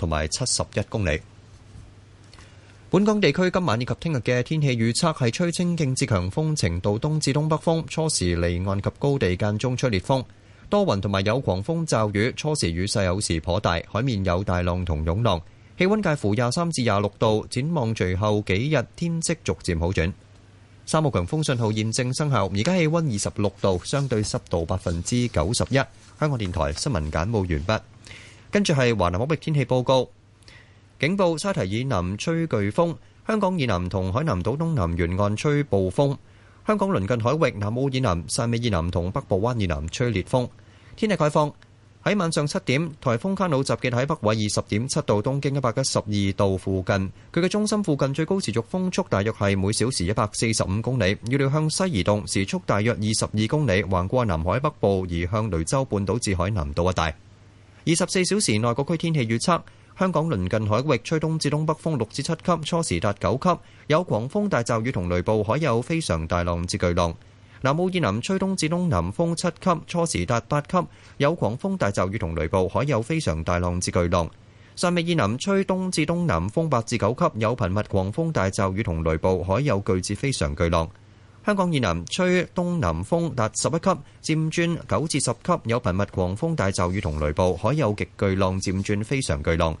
同埋七十一公里。本港地區今晚以及聽日嘅天氣預測係吹清勁至強風程度東至東北風，初時離岸及高地間中吹烈風，多雲同埋有狂風驟雨，初時雨勢有時頗大，海面有大浪同湧浪。氣温介乎廿三至廿六度。展望隨後幾日天色逐漸好轉。三號強風信號現正生效，而家氣温二十六度，相對濕度百分之九十一。香港電台新聞簡報完畢。跟住係華南海域天氣報告，警報：沙提以南吹颶風，香港以南同海南島東南沿岸吹暴風；香港鄰近海域南澳以南、汕尾以南同北部灣以南吹烈風。天氣開放喺晚上七點，颱風卡努集結喺北緯二十點七度、東經一百一十二度附近。佢嘅中心附近最高持續風速大約係每小時一百四十五公里，預料向西移動，時速大約二十二公里，橫過南海北部而向雷州半島至海南島一帶。二十四小時內各區天氣預測：香港鄰近海域吹東至東北風六至七級，初時達九級，有狂風大驟雨同雷暴，海有非常大浪至巨浪。南澳以南吹東至東南風七級，初時達八級，有狂風大驟雨同雷暴，海有非常大浪至巨浪。汕尾以南吹東至東南風八至九級，有頻密狂風大驟雨同雷暴，海有巨至非常巨浪。香港以南吹東南風達十一級，漸轉九至十級，有頻密狂風、大驟雨同雷暴，海有極巨浪，漸轉非常巨浪。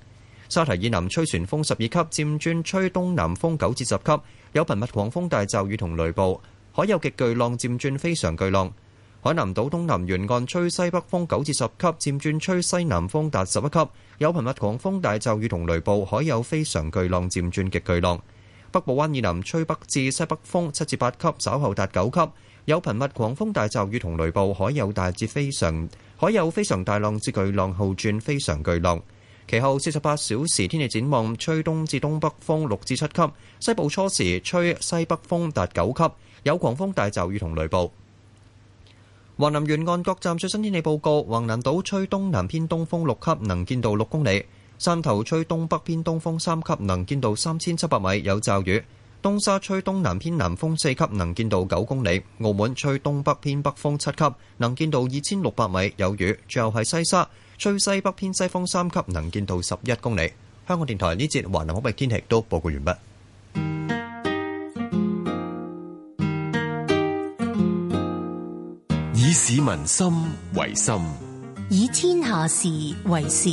沙頭以南吹旋風十二級，漸轉吹東南風九至十級，有頻密狂風、大驟雨同雷暴，海有極巨浪，漸轉非常巨浪。海南島東南沿岸吹西北風九至十級，漸轉吹西南風達十一級，有頻密狂風、大驟雨同雷暴，海有非常巨浪，漸轉極巨浪。北部灣以南吹北至西北風七至八級，稍後達九級，有頻密狂風、大驟雨同雷暴，海有大至非常海有非常大浪至巨浪後轉非常巨浪。其後四十八小時天氣展望，吹東至東北風六至七級，西部初時吹西北風達九級，有狂風、大驟雨同雷暴。雲南沿岸各站最新天氣報告：雲南島吹東南偏東風六級，能見度六公里。汕頭吹東北偏東風三級，能見度三千七百米，有驟雨；東沙吹東南偏南風四級，能見度九公里；澳門吹東北偏北風七級，能見度二千六百米，有雨；最後係西沙吹西北偏西風三級，能見度十一公里。香港電台呢節華南天氣都報告完畢。以市民心為心，以天下事為事。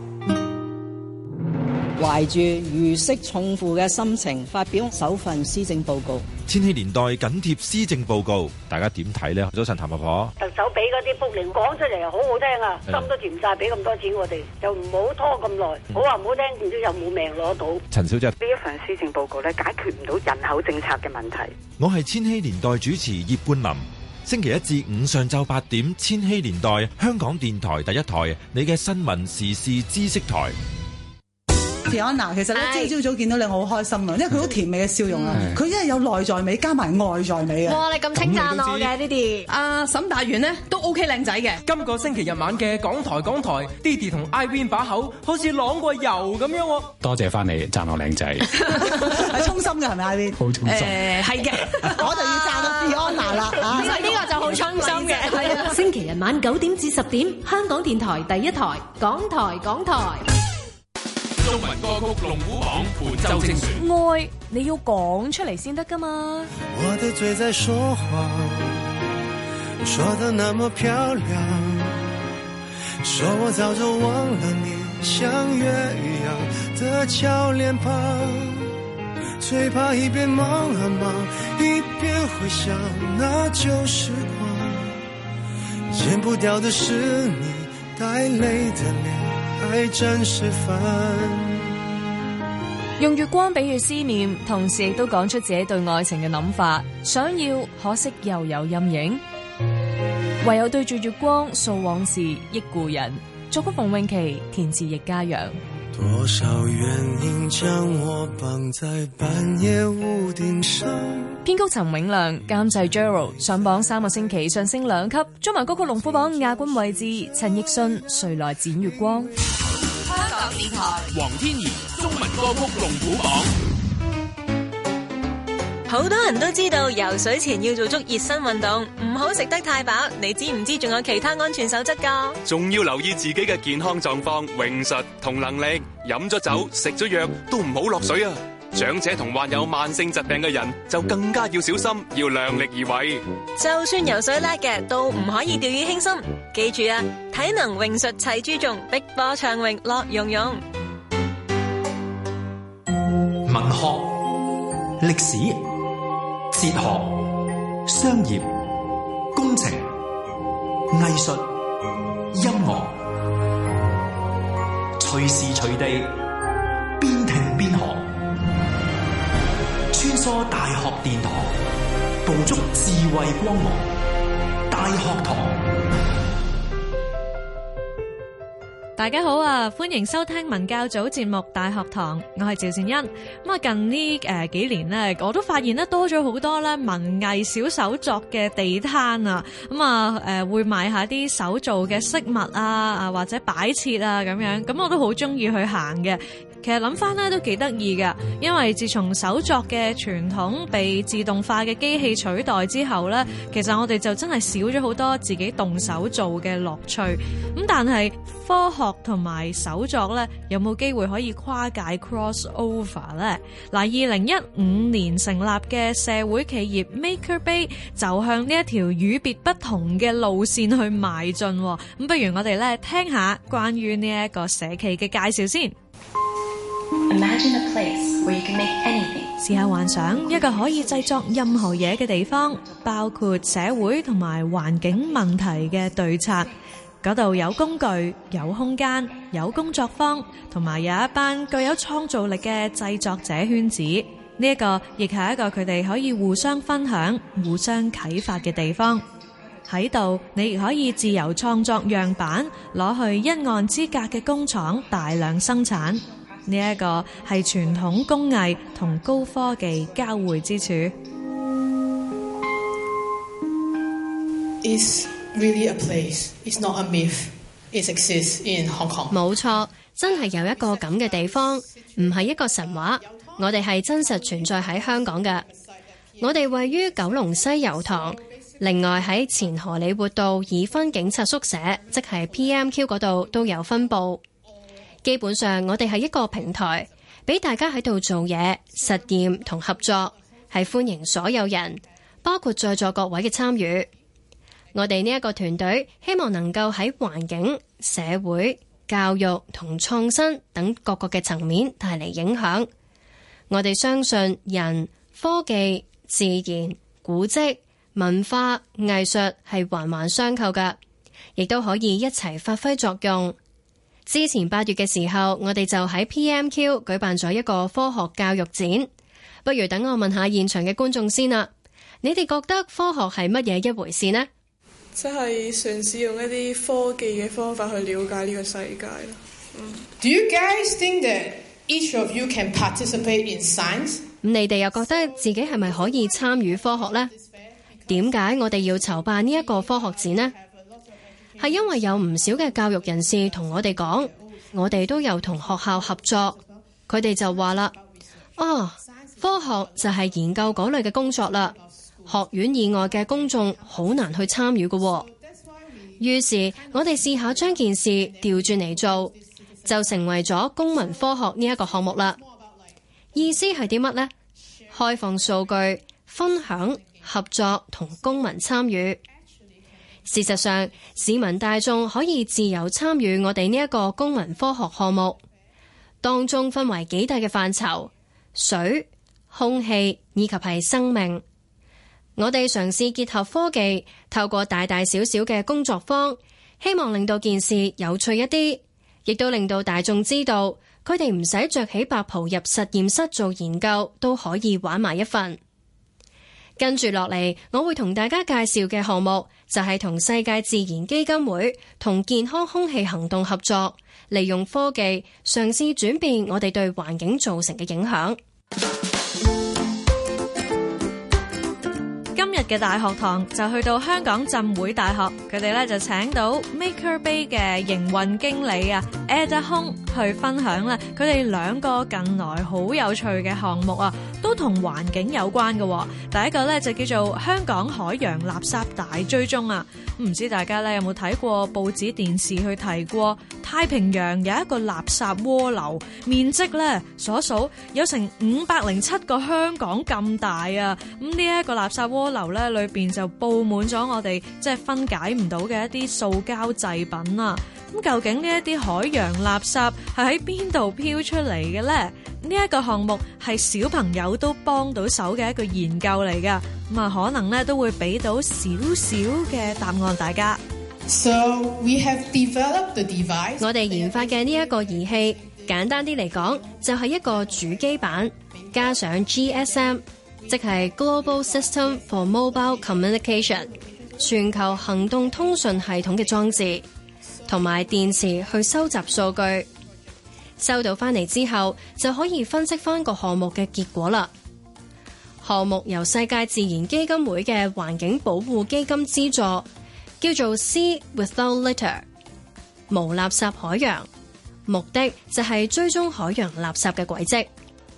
懷住如釋重負嘅心情，發表首份施政報告。千禧年代緊貼施政報告，大家點睇呢？早晨，譚婆婆。特首俾嗰啲福利講出嚟，好好聽啊！嗯、心都甜晒，俾咁多錢我哋，又唔好拖咁耐。好話唔好聽，唔知有冇命攞到。陳小姐，呢一份施政報告咧，解決唔到人口政策嘅問題。我係千禧年代主持葉冠霖，星期一至五上晝八點，千禧年代香港電台第一台，你嘅新聞時事知識台。安娜，其實咧朝朝早見到你我好開心啊，因為佢好甜美嘅笑容啊，佢真係有內在美加埋外在美啊。哇，你咁稱讚我嘅 Didi，阿沈大元咧都 OK 靚仔嘅。今個星期日晚嘅港台，港台 Didi 同 Ivan 把口好似攞過油咁樣喎。多謝翻你讚我靚仔，係衷心嘅係咪 Ivan？好衷心誒，係嘅，我就要讚到安娜啦。呢個就好衷心嘅。係啊，星期日晚九點至十點，香港電台第一台，港台港台。中文歌曲龍虎榜福州正愛你要講出嚟先得噶嘛我的嘴在說謊說得那麼漂亮說我早就忘了你像月一樣的俏臉龐最怕一邊忙啊忙一邊回想那舊時光剪不掉的是你帶淚的臉還真是煩用月光比喻思念，同時亦都講出自己對愛情嘅諗法。想要，可惜又有陰影。唯有對住月光訴往事憶故人。作曲馮詠琪，填詞易家揚。多少原因將我綁在半夜屋頂上？編曲陳永亮，監製 Jero。上榜三個星期，上升兩級，中文歌曲龍虎榜亞軍位置。陳奕迅《誰來剪月光》。王天儀中文歌曲龍虎榜。好多人都知道游水前要做足熱身運動，唔好食得太飽。你知唔知仲有其他安全守則㗎？仲要留意自己嘅健康狀況、泳術同能力。飲咗酒、食咗藥都唔好落水啊！長者同患有慢性疾病嘅人就更加要小心，要量力而為。就算游水叻嘅，都唔可以掉以輕心。記住啊，體能、泳術齊注重，碧波暢泳樂融融。蓉蓉文學、歷史、哲學、商業、工程、藝術、音樂，隨時隨地。學殿堂，捕捉智慧光芒。大學堂，大家好啊，歡迎收聽文教組節目《大學堂》，我係趙善恩。咁啊，近呢誒幾年呢，我都發現咧多咗好多啦，文藝小手作嘅地攤啊，咁啊誒會買下啲手做嘅飾物啊，啊或者擺設啊咁樣，咁我都好中意去行嘅。其實諗翻咧都幾得意噶，因為自從手作嘅傳統被自動化嘅機器取代之後咧，其實我哋就真係少咗好多自己動手做嘅樂趣。咁但係科學同埋手作咧有冇機會可以跨界 （cross over） 呢？嗱，二零一五年成立嘅社會企業 Maker Bay 就向呢一條與別不同嘅路線去邁進。咁不如我哋咧聽下關於呢一個社企嘅介紹先。Imagine a place where you can make anything. 試下幻想一個可以製作任何嘢嘅地方，包括社會同埋環境問題嘅對策。嗰度有工具、有空間、有工作坊，同埋有一班具有創造力嘅製作者圈子。呢、這個、一個亦係一個佢哋可以互相分享、互相啟發嘅地方。喺度，你亦可以自由創作樣板，攞去一岸之隔嘅工廠大量生產。呢一個係傳統工藝同高科技交匯之處。It's really a place. It's not a myth. It exists in Hong Kong。冇錯，真係有一個咁嘅地方，唔係一個神話。我哋係真實存在喺香港嘅。我哋位於九龍西油塘，另外喺前荷里活道已婚警察宿舍，即係 PMQ 嗰度都有分部。基本上，我哋係一個平台，俾大家喺度做嘢、實驗同合作，係歡迎所有人，包括在座各位嘅參與。我哋呢一個團隊希望能夠喺環境、社會、教育同創新等各個嘅層面帶嚟影響。我哋相信人、科技、自然、古蹟、文化、藝術係環環相扣噶，亦都可以一齊發揮作用。之前八月嘅時候，我哋就喺 PMQ 舉辦咗一個科學教育展。不如等我問下現場嘅觀眾先啦。你哋覺得科學係乜嘢一回事呢？即係嘗試用一啲科技嘅方法去了解呢個世界。嗯。Do you guys think that each of you can participate in science？咁你哋又覺得自己係咪可以參與科學呢？點解我哋要籌辦呢一個科學展呢？係因為有唔少嘅教育人士同我哋講，我哋都有同學校合作，佢哋就話啦：啊、哦，科學就係研究嗰類嘅工作啦，學院以外嘅公眾好難去參與嘅。於是，我哋試下將件事調轉嚟做，就成為咗公民科學呢一個項目啦。意思係啲乜呢？開放數據、分享、合作同公民參與。事實上，市民大眾可以自由參與我哋呢一個公民科學項目，當中分為幾大嘅範疇：水、空氣以及係生命。我哋嘗試結合科技，透過大大小小嘅工作坊，希望令到件事有趣一啲，亦都令到大眾知道，佢哋唔使着起白袍入實驗室做研究，都可以玩埋一份。跟住落嚟，我會同大家介紹嘅項目。就係同世界自然基金會、同健康空氣行動合作，利用科技嘗試轉變我哋對環境造成嘅影響。嘅大學堂就去到香港浸會大學，佢哋咧就請到 MakerBay 嘅營運經理啊 Eda Hung 去分享啦。佢哋兩個近來好有趣嘅項目啊，都同環境有關嘅。第一個咧就叫做香港海洋垃圾大追蹤啊，唔知大家咧有冇睇過報紙電視去提過太平洋有一個垃圾渦流，面積咧所數有成五百零七個香港咁大啊。咁呢一個垃圾渦流咧～裏邊就布滿咗我哋即係分解唔到嘅一啲塑膠製品啊！咁究竟呢一啲海洋垃圾係喺邊度飄出嚟嘅呢？呢一個項目係小朋友都幫到手嘅一個研究嚟噶，咁啊可能咧都會俾到少少嘅答案，大家。So we have developed the device。我哋研發嘅呢一個儀器，簡單啲嚟講，就係一個主機板加上 GSM。即係 Global System for Mobile Communication，全球行動通訊系統嘅裝置，同埋電池去收集數據，收到翻嚟之後就可以分析翻個項目嘅結果啦。項目由世界自然基金會嘅環境保護基金資助，叫做 Sea Without Litter，無垃圾海洋，目的就係追蹤海洋垃圾嘅軌跡。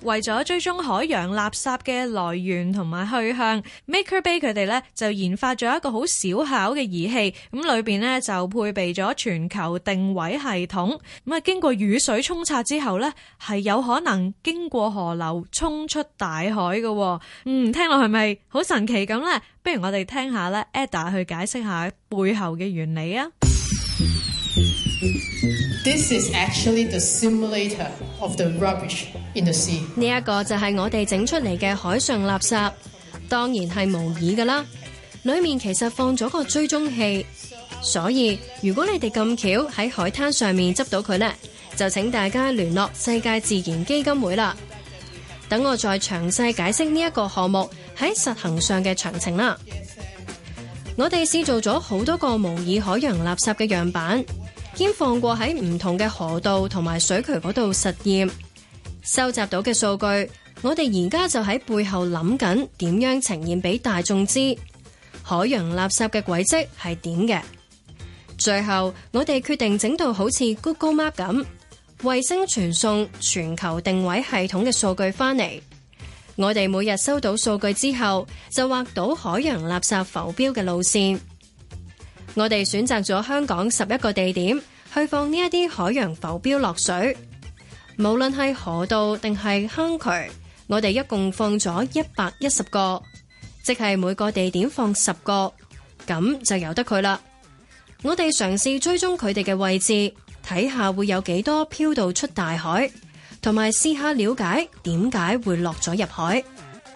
為咗追蹤海洋垃圾嘅來源同埋去向，Maker Bay 佢哋咧就研發咗一個好小巧嘅儀器，咁裏邊呢就配備咗全球定位系統。咁啊，經過雨水沖刷之後呢，係有可能經過河流沖出大海嘅。嗯，聽落係咪好神奇咁呢？不如我哋聽下呢 Eda 去解釋下背後嘅原理啊！This is actually the simulator of the rubbish in the sea. 呢一個就係我哋整出嚟嘅海上垃圾，當然係模擬㗎啦。裏面其實放咗個追蹤器，所以如果你哋咁巧喺海灘上面執到佢呢，就請大家聯絡世界自然基金會啦。等我再詳細解釋呢一個項目喺實行上嘅詳情啦。我哋試做咗好多個模擬海洋垃圾嘅樣板。已經放過喺唔同嘅河道同埋水渠嗰度實驗，收集到嘅數據，我哋而家就喺背後諗緊點樣呈現俾大眾知海洋垃圾嘅軌跡係點嘅。最後我哋決定整到好似 Google Map 咁，衛星傳送全球定位系統嘅數據返嚟。我哋每日收到數據之後，就畫到海洋垃圾浮標嘅路線。我哋選擇咗香港十一個地點去放呢一啲海洋浮標落水，無論係河道定係坑渠，我哋一共放咗一百一十個，即係每個地點放十個，咁就由得佢啦。我哋嘗試追蹤佢哋嘅位置，睇下會有幾多漂到出大海，同埋試下了解點解會落咗入海。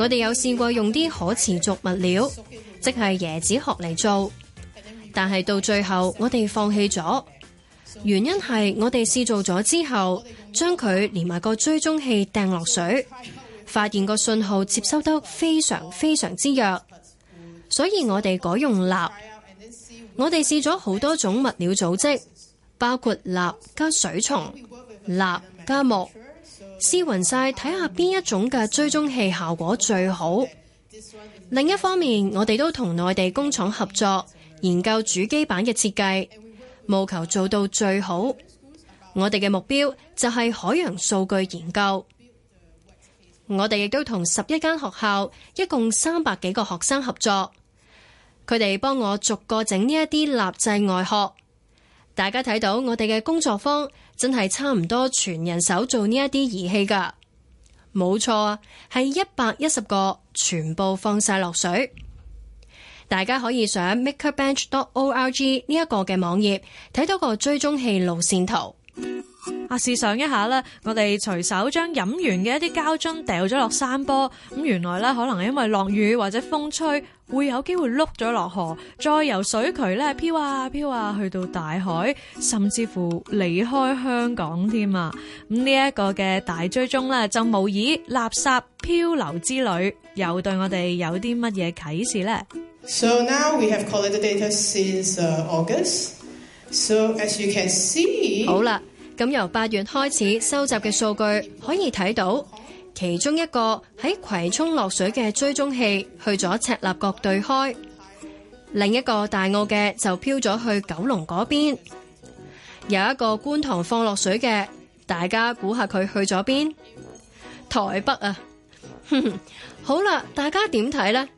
我哋有試過用啲可持續物料，即係椰子殼嚟做，但係到最後我哋放棄咗。原因係我哋試做咗之後，將佢連埋個追蹤器掟落水，發現個信號接收得非常非常之弱，所以我哋改用蠟。我哋試咗好多種物料組織，包括蠟加水蟲、蠟加木。試匀晒，睇下邊一種嘅追蹤器效果最好。另一方面，我哋都同內地工廠合作，研究主機板嘅設計，務求做到最好。我哋嘅目標就係海洋數據研究。我哋亦都同十一間學校，一共三百幾個學生合作，佢哋幫我逐個整呢一啲立製外殼。大家睇到我哋嘅工作坊。真係差唔多全人手做呢一啲儀器噶，冇錯啊，係一百一十個，全部放晒落水，大家可以上 makerbay.org 呢一個嘅網頁睇到個追蹤器路線圖。啊！試想一下咧，我哋隨手將飲完嘅一啲膠樽掉咗落山坡，咁原來咧可能係因為落雨或者風吹，會有機會碌咗落河，再由水渠咧飄啊飄啊去到大海，甚至乎離開香港添啊！咁呢一個嘅大追蹤咧，就模擬垃圾漂流之旅，又對我哋有啲乜嘢啟示呢？So now we have collected data since, uh, August. So as you can see，好啦。咁由八月開始收集嘅數據，可以睇到，其中一個喺葵涌落水嘅追蹤器去咗赤鱲角對開，另一個大澳嘅就飄咗去九龍嗰邊，有一個觀塘放落水嘅，大家估下佢去咗邊？台北啊，哼哼，好啦，大家點睇呢？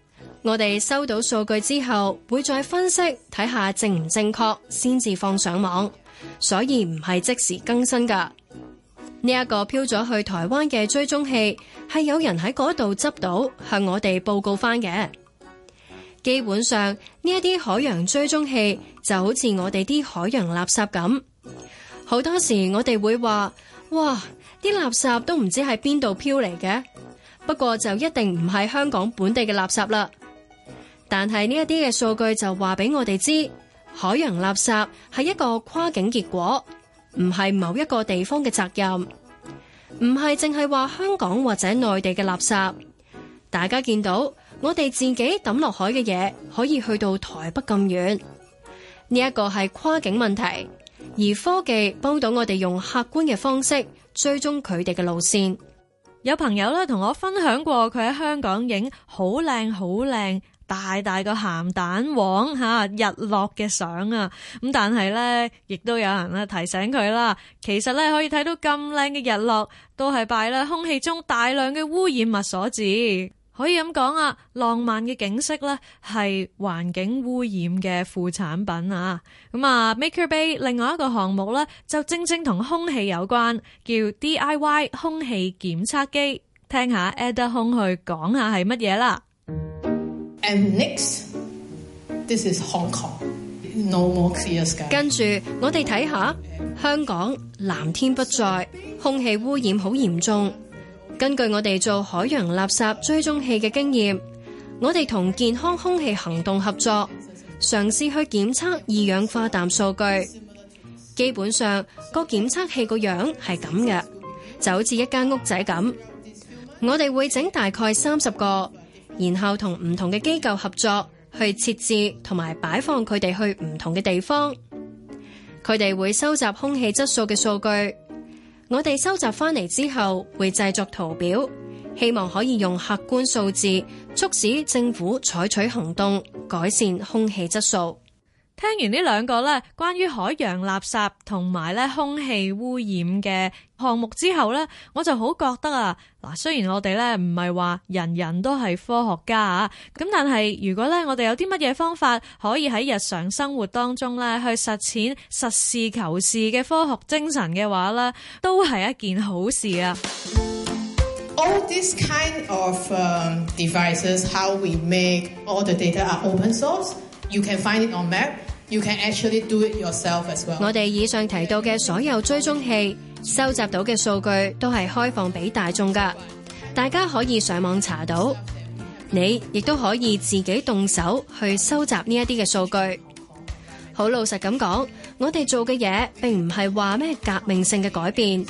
我哋收到數據之後，會再分析睇下正唔正確，先至放上網。所以唔係即時更新噶。呢一個飄咗去台灣嘅追蹤器係有人喺嗰度執到，向我哋報告翻嘅。基本上呢一啲海洋追蹤器就好似我哋啲海洋垃圾咁。好多時我哋會話，哇，啲垃圾都唔知喺邊度飄嚟嘅。不過就一定唔係香港本地嘅垃圾啦。但係呢一啲嘅數據就話俾我哋知。海洋垃圾係一個跨境結果，唔係某一個地方嘅責任，唔係淨係話香港或者內地嘅垃圾。大家見到我哋自己抌落海嘅嘢，可以去到台北咁遠，呢一個係跨境問題。而科技幫到我哋用客觀嘅方式追蹤佢哋嘅路線。有朋友咧同我分享過，佢喺香港影好靚，好靚。大大個鹹蛋黃吓，日落嘅相啊！咁但係呢，亦都有人呢提醒佢啦。其實呢可以睇到咁靚嘅日落，都係拜啦空氣中大量嘅污染物所致。可以咁講啊，浪漫嘅景色呢係環境污染嘅副產品啊！咁啊，Maker Bay 另外一個項目呢就正正同空氣有關，叫 DIY 空氣檢測機。聽下 Eda Hung 去講下係乜嘢啦。跟住我哋睇下香港藍天不再，空氣污染好嚴重。根據我哋做海洋垃圾追蹤器嘅經驗，我哋同健康空氣行動合作，嘗試去檢測二氧化氮數據。基本上個檢測器個樣係咁嘅，就好似一間屋仔咁。我哋會整大概三十個。然後同唔同嘅機構合作，去設置同埋擺放佢哋去唔同嘅地方。佢哋會收集空氣質素嘅數據，我哋收集翻嚟之後會製作圖表，希望可以用客觀數字促使政府採取行動，改善空氣質素。聽完呢兩個咧，關於海洋垃圾同埋咧空氣污染嘅項目之後咧，我就好覺得啊，嗱雖然我哋咧唔係話人人都係科學家啊，咁但係如果咧我哋有啲乜嘢方法可以喺日常生活當中咧去實踐實事求是嘅科學精神嘅話咧，都係一件好事啊。All this kind of devices, how we make all the data are open source. You can find it on map. You can actually do it yourself as well. 我哋以上提到嘅所有追蹤器收集到嘅數據都係開放俾大眾噶大家可以上網查到。你亦都可以自己動手去收集呢一啲嘅數據。好老實咁講，我哋做嘅嘢並唔係話咩革命性嘅改變，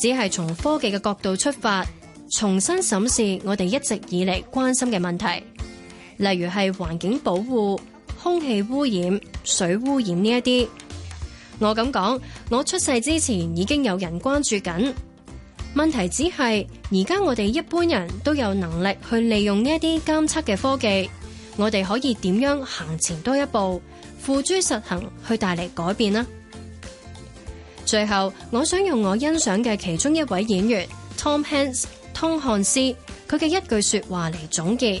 只係從科技嘅角度出發，重新審視我哋一直以嚟關心嘅問題，例如係環境保護。空氣污染、水污染呢一啲，我噉講，我出世之前已經有人關注緊。問題只係而家我哋一般人都有能力去利用呢一啲監測嘅科技，我哋可以點樣行前多一步，付諸實行去帶嚟改變呢？最後，我想用我欣賞嘅其中一位演員 Tom Hanks 湯漢斯佢嘅一句說話嚟總結。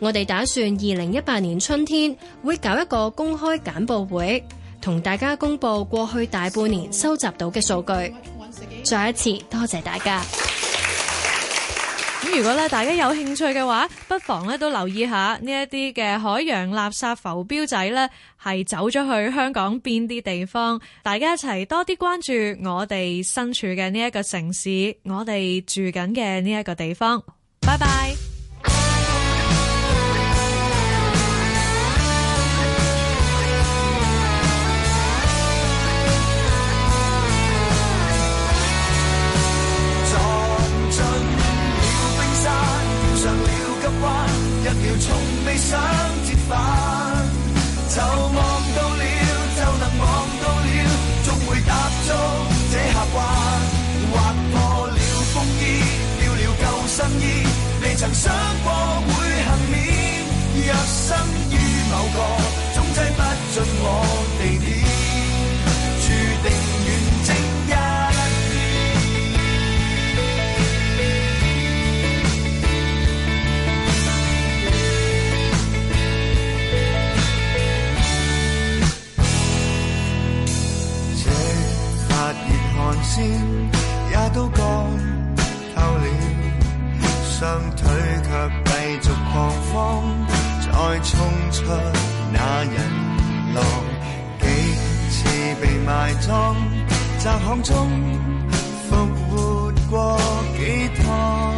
我哋打算二零一八年春天會搞一個公開簡報會，同大家公布過去大半年收集到嘅數據。再一次多謝大家。咁如果咧大家有興趣嘅話，不妨咧都留意下呢一啲嘅海洋垃圾浮標仔咧，係走咗去香港邊啲地方？大家一齊多啲關注我哋身處嘅呢一個城市，我哋住緊嘅呢一個地方。拜拜。想折返，就望到了，就能望到了，總會踏足這峽灣。劃破了風衣，掉了救生衣，未曾想過。雙腿卻繼續狂風，再衝出那人浪，幾次被埋葬，窄巷中復活過幾趟。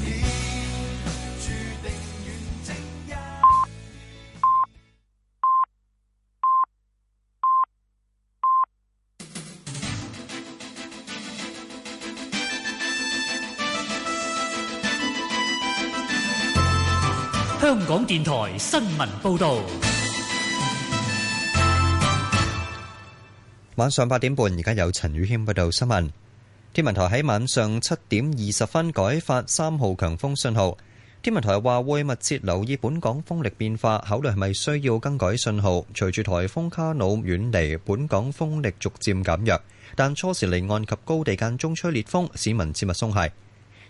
電台新聞報道。晚上八點半，而家有陳宇謙報道新聞。天文台喺晚上七點二十分改發三號強風信號。天文台話會密切留意本港風力變化，考慮係咪需要更改信號。隨住颱風卡努遠離，本港風力逐漸減弱，但初時離岸及高地間中吹烈風，市民切勿鬆懈。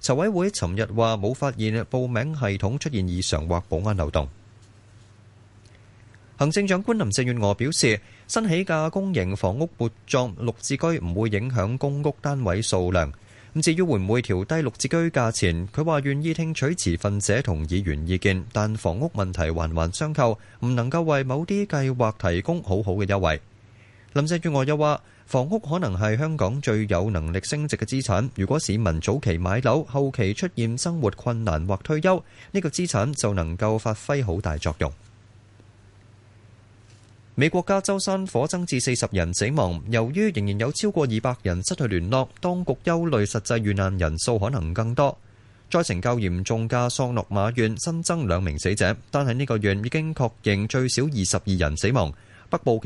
籌委會尋日話冇發現報名系統出現異常或保安漏洞。行政長官林鄭月娥表示，新起價公營房屋撥作綠置居唔會影響公屋單位數量。咁至於會唔會調低綠置居價錢，佢話願意聽取持份者同議員意見，但房屋問題環環相扣，唔能夠為某啲計劃提供好好嘅優惠。林鄭月娥又話。房屋可能係香港最有能力升值嘅資產。如果市民早期買樓，後期出現生活困難或退休，呢個資產就能夠發揮好大作用。美國加州山火增至四十人死亡，由於仍然有超過二百人失去聯絡，當局憂慮實際遇難人數可能更多。災情較嚴重嘅桑諾馬縣新增兩名死者，但係呢個縣已經確認最少二十二人死亡。北部。